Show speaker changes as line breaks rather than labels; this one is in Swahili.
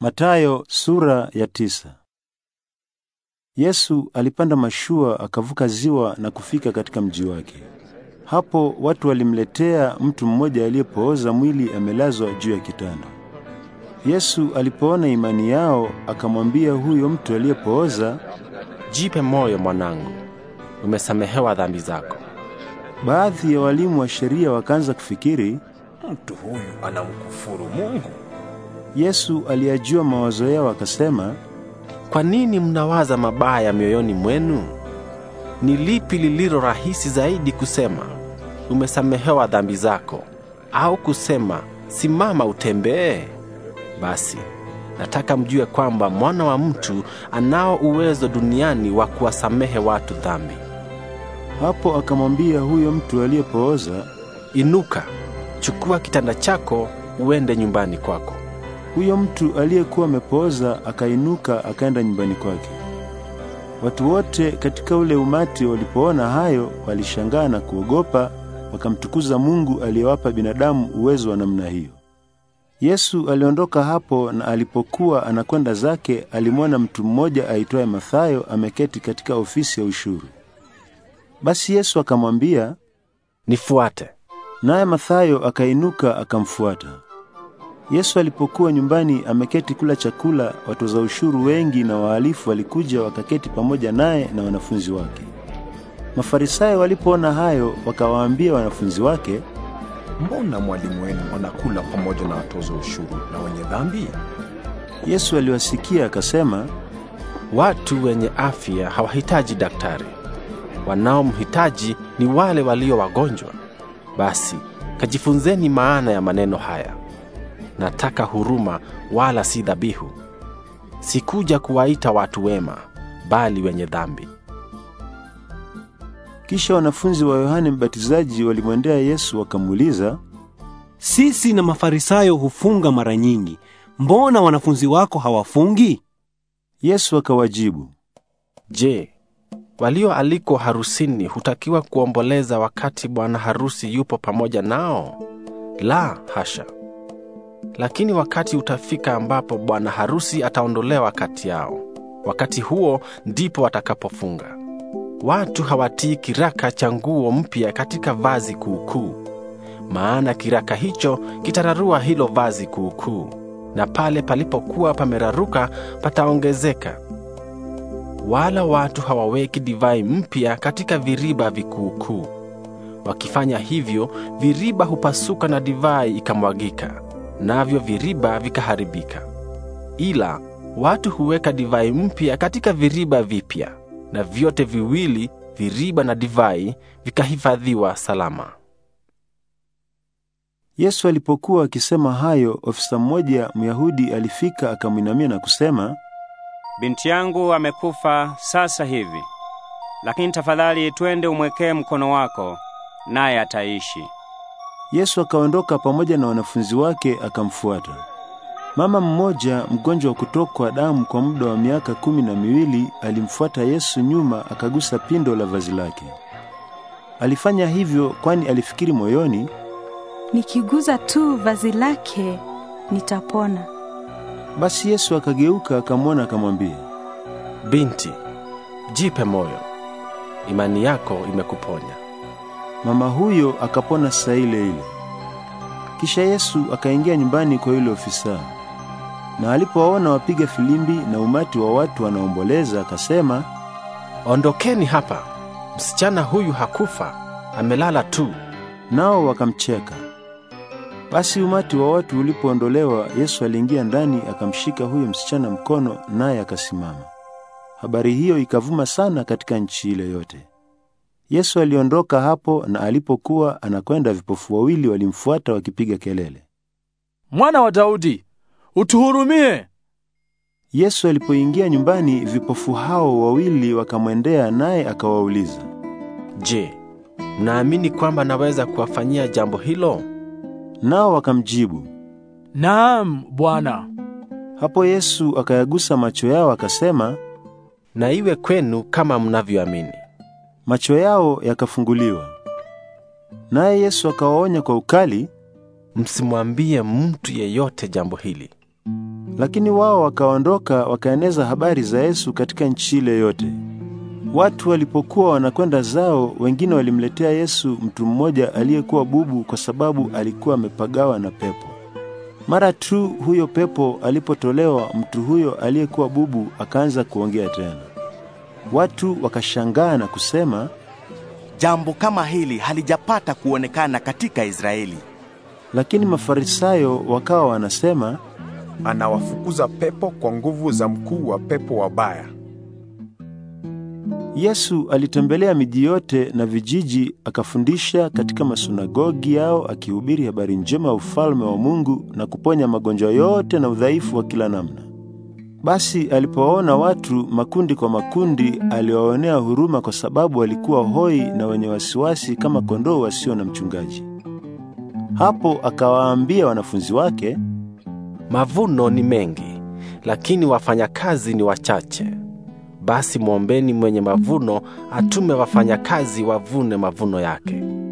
Matayo sura ya tisa. Yesu alipanda mashua akavuka ziwa na kufika katika mji wake. Hapo watu walimletea mtu mmoja aliyepooza mwili amelazwa juu ya kitanda. Yesu alipoona imani yao akamwambia huyo mtu aliyepooza, "Jipe moyo mwanangu, umesamehewa dhambi zako." Baadhi ya walimu wa sheria wakaanza kufikiri,
mtu huyu anamkufuru Mungu. Yesu aliyajua mawazo yao akasema, kwa nini mnawaza mabaya mioyoni mwenu? Ni lipi lililo rahisi zaidi kusema, umesamehewa dhambi zako, au kusema, simama utembee? Basi nataka mjue kwamba mwana wa mtu anao uwezo duniani wa kuwasamehe watu dhambi. Hapo akamwambia huyo mtu aliyepooza, inuka, chukua kitanda chako uende nyumbani kwako. Huyo mtu
aliyekuwa amepooza akainuka akaenda nyumbani kwake. Watu wote katika ule umati walipoona hayo walishangaa na kuogopa, wakamtukuza Mungu aliyewapa binadamu uwezo wa namna hiyo. Yesu aliondoka hapo na alipokuwa anakwenda zake alimwona mtu mmoja aitwaye Mathayo ameketi katika ofisi ya ushuru. Basi Yesu akamwambia, "Nifuate." Naye Mathayo akainuka akamfuata. Yesu alipokuwa nyumbani ameketi kula chakula, watoza ushuru wengi na wahalifu walikuja wakaketi pamoja naye na wanafunzi wake. Mafarisayo walipoona hayo, wakawaambia wanafunzi wake, mbona mwalimu wenu anakula pamoja na watoza ushuru na wenye dhambi?
Yesu aliwasikia akasema, watu wenye afya hawahitaji daktari, wanaomhitaji ni wale walio wagonjwa. Basi kajifunzeni maana ya maneno haya nataka huruma wala si dhabihu. Sikuja kuwaita watu wema, bali wenye dhambi. Kisha wanafunzi wa Yohane Mbatizaji walimwendea Yesu
wakamuuliza, sisi na Mafarisayo hufunga mara nyingi, mbona
wanafunzi wako hawafungi? Yesu akawajibu, Je, walioalikwa harusini hutakiwa kuomboleza wakati bwana harusi yupo pamoja nao? La hasha! lakini wakati utafika ambapo bwana harusi ataondolewa kati yao. Wakati huo ndipo watakapofunga. Watu hawatii kiraka cha nguo mpya katika vazi kuukuu, maana kiraka hicho kitararua hilo vazi kuukuu, na pale palipokuwa pameraruka pataongezeka. Wala watu hawaweki divai mpya katika viriba vikuukuu; wakifanya hivyo, viriba hupasuka na divai ikamwagika navyo viriba vikaharibika. Ila watu huweka divai mpya katika viriba vipya, na vyote viwili, viriba na divai, vikahifadhiwa salama.
Yesu alipokuwa akisema hayo, ofisa mmoja Myahudi alifika akamwinamia na kusema, binti yangu amekufa sasa hivi, lakini tafadhali twende umwekee mkono wako, naye ataishi. Yesu akaondoka pamoja na wanafunzi wake akamfuata. Mama mmoja mgonjwa wa kutokwa damu kwa muda wa miaka kumi na miwili alimfuata Yesu nyuma akagusa pindo la vazi lake. Alifanya hivyo kwani alifikiri moyoni,
nikiguza tu vazi lake nitapona.
Basi Yesu akageuka akamwona, akamwambia, binti, jipe moyo, imani yako imekuponya. Mama huyo akapona saa ile ile. Kisha Yesu akaingia nyumbani kwa yule ofisa, na alipowaona wapiga filimbi na umati wa watu wanaomboleza, akasema, ondokeni hapa, msichana huyu hakufa, amelala tu. Nao wakamcheka. Basi umati wa watu ulipoondolewa, Yesu aliingia ndani, akamshika huyo msichana mkono, naye akasimama. Habari hiyo ikavuma sana katika nchi ile yote. Yesu aliondoka hapo, na alipokuwa anakwenda, vipofu wawili walimfuata wakipiga kelele,
Mwana wa Daudi, utuhurumie.
Yesu alipoingia nyumbani, vipofu hao wawili wakamwendea,
naye akawauliza, Je, mnaamini kwamba naweza kuwafanyia jambo hilo? Nao wakamjibu, Naam, Bwana.
Hapo Yesu akayagusa macho yao akasema, na iwe kwenu kama mnavyoamini macho yao yakafunguliwa. Naye Yesu akawaonya kwa ukali, msimwambie mtu yeyote jambo hili. Lakini wao wakaondoka wakaeneza habari za Yesu katika nchi ile yote. Watu walipokuwa wanakwenda zao, wengine walimletea Yesu mtu mmoja aliyekuwa bubu, kwa sababu alikuwa amepagawa na pepo. Mara tu huyo pepo alipotolewa, mtu huyo aliyekuwa bubu akaanza kuongea tena. Watu wakashangaa na kusema, jambo kama hili halijapata kuonekana katika Israeli. Lakini Mafarisayo wakawa wanasema, anawafukuza
pepo kwa nguvu za mkuu wa pepo wabaya.
Yesu alitembelea miji yote na vijiji akafundisha katika masunagogi yao akihubiri habari njema ya ufalme wa Mungu na kuponya magonjwa yote na udhaifu wa kila namna. Basi alipowaona watu makundi kwa makundi, aliwaonea huruma kwa sababu walikuwa hoi na wenye wasiwasi kama kondoo wasio na mchungaji.
Hapo akawaambia wanafunzi wake, mavuno ni mengi, lakini wafanyakazi ni wachache. Basi mwombeni mwenye mavuno atume wafanyakazi wavune mavuno yake.